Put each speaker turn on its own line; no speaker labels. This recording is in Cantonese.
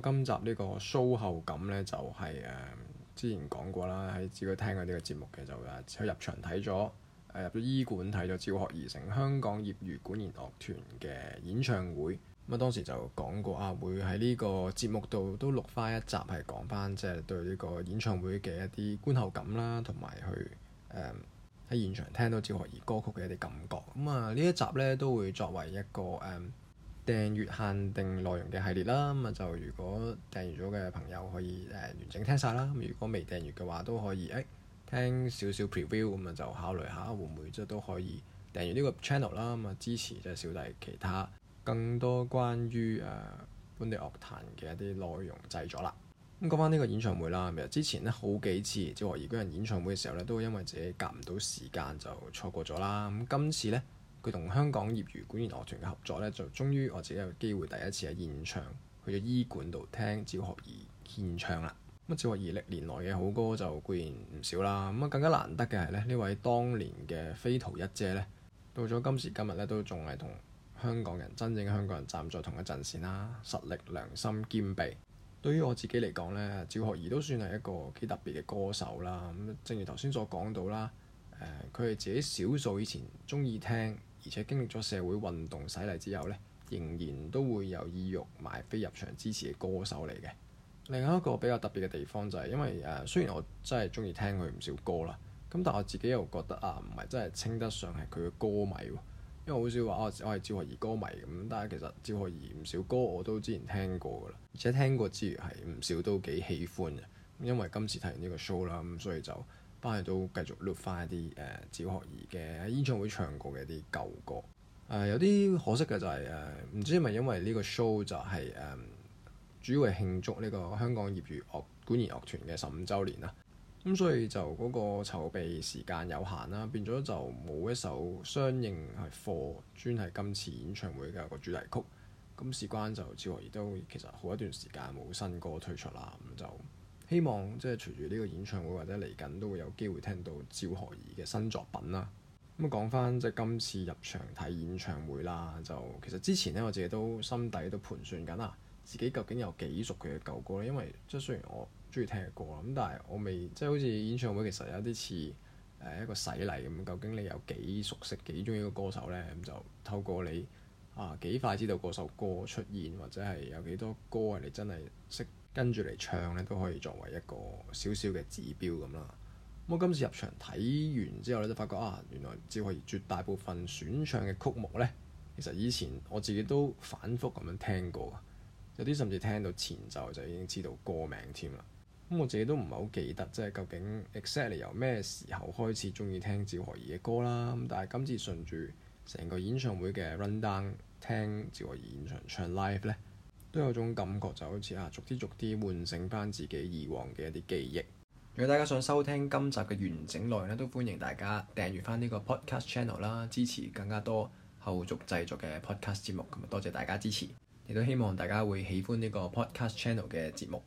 今集呢個 SHOW 後感呢，就係、是、誒、嗯、之前講過啦，喺自己聽過呢個節目嘅就啊、是，去入場睇咗誒入咗醫館睇咗趙學而成香港業餘管弦樂團嘅演唱會。咁、嗯、啊，當時就講過啊，會喺呢個節目度都錄翻一集，係講翻即係對呢個演唱會嘅一啲觀後感啦，同埋去誒喺、嗯、現場聽到趙學而歌曲嘅一啲感覺。咁、嗯、啊，呢一集呢，都會作為一個誒。嗯訂閱限定內容嘅系列啦，咁啊就如果訂閱咗嘅朋友可以誒、呃、完整聽晒啦，咁如果未訂閱嘅話都可以誒、欸、聽少少 preview，咁啊就考慮下會唔會即係都可以訂閱呢個 channel 啦，咁啊支持即係小弟其他更多關於誒、呃、本地樂壇嘅一啲內容製作啦。咁講翻呢個演唱會啦，其實之前咧好幾次做學而個人演唱會嘅時候咧，都因為自己夾唔到時間就錯過咗啦。咁今次咧～佢同香港業餘管弦樂團嘅合作咧，就終於我自己有機會第一次喺現場去咗醫館度聽趙學而獻唱啦。咁啊，趙學而歷年來嘅好歌就固然唔少啦。咁啊，更加難得嘅係咧，呢位當年嘅飛圖一姐咧，到咗今時今日咧，都仲係同香港人真正嘅香港人站在同一陣線啦，實力良心兼備。對於我自己嚟講咧，趙學而都算係一個幾特別嘅歌手啦。咁正如頭先所講到啦，誒、呃，佢係自己少數以前中意聽，而且經歷咗社會運動洗禮之後咧，仍然都會有意欲買飛入場支持嘅歌手嚟嘅。另外一個比較特別嘅地方就係，因為誒、啊、雖然我真係中意聽佢唔少歌啦，咁但我自己又覺得啊，唔係真係稱得上係佢嘅歌迷喎。因為好少話、啊、我我係趙學而歌迷咁，但係其實趙學而唔少歌我都之前聽過噶啦，而且聽過之餘係唔少都幾喜歡嘅。因為今次睇完呢個 show 啦，咁所以就。翻嚟都繼續錄翻一啲誒趙學而嘅喺演唱會唱過嘅啲舊歌，誒、呃、有啲可惜嘅就係誒唔知係咪因為呢個 show 就係、是、誒、嗯、主要係慶祝呢個香港業餘管弦樂團嘅十五周年啦，咁所以就嗰個籌備時間有限啦，變咗就冇一首相應係 for 專係今次演唱會嘅一個主題曲，咁事關就趙學而都其實好一段時間冇新歌推出啦，咁就。希望即係隨住呢個演唱會或者嚟緊都會有機會聽到趙學而嘅新作品啦。咁啊，講翻即係今次入場睇演唱會啦，就其實之前咧我自己都心底都盤算緊啊，自己究竟有幾熟佢嘅舊歌咧？因為即係雖然我中意聽嘅歌咁但係我未即係好似演唱會其實有啲似誒一個洗禮咁，究竟你有幾熟悉幾中意個歌手咧？咁就透過你啊幾快知道嗰首歌出現，或者係有幾多歌你真係識。跟住嚟唱咧都可以作為一個少少嘅指標咁啦。咁我今次入場睇完之後咧，就發覺啊，原來趙學而絕大部分選唱嘅曲目咧，其實以前我自己都反覆咁樣聽過，有啲甚至聽到前奏就，就已經知道歌名添啦。咁我自己都唔係好記得，即係究竟 exactly 由咩時候開始鍾意聽趙學而嘅歌啦。咁但係今次順住成個演唱會嘅 run down 聽趙學而現場唱，唱 live 咧。都有種感覺，就好似啊，逐啲逐啲喚醒翻自己以往嘅一啲記憶。如果大家想收聽今集嘅完整內容咧，都歡迎大家訂閱翻呢個 Podcast Channel 啦，支持更加多後續製作嘅 Podcast 節目。咁啊，多謝大家支持，亦都希望大家會喜歡呢個 Podcast Channel 嘅節目。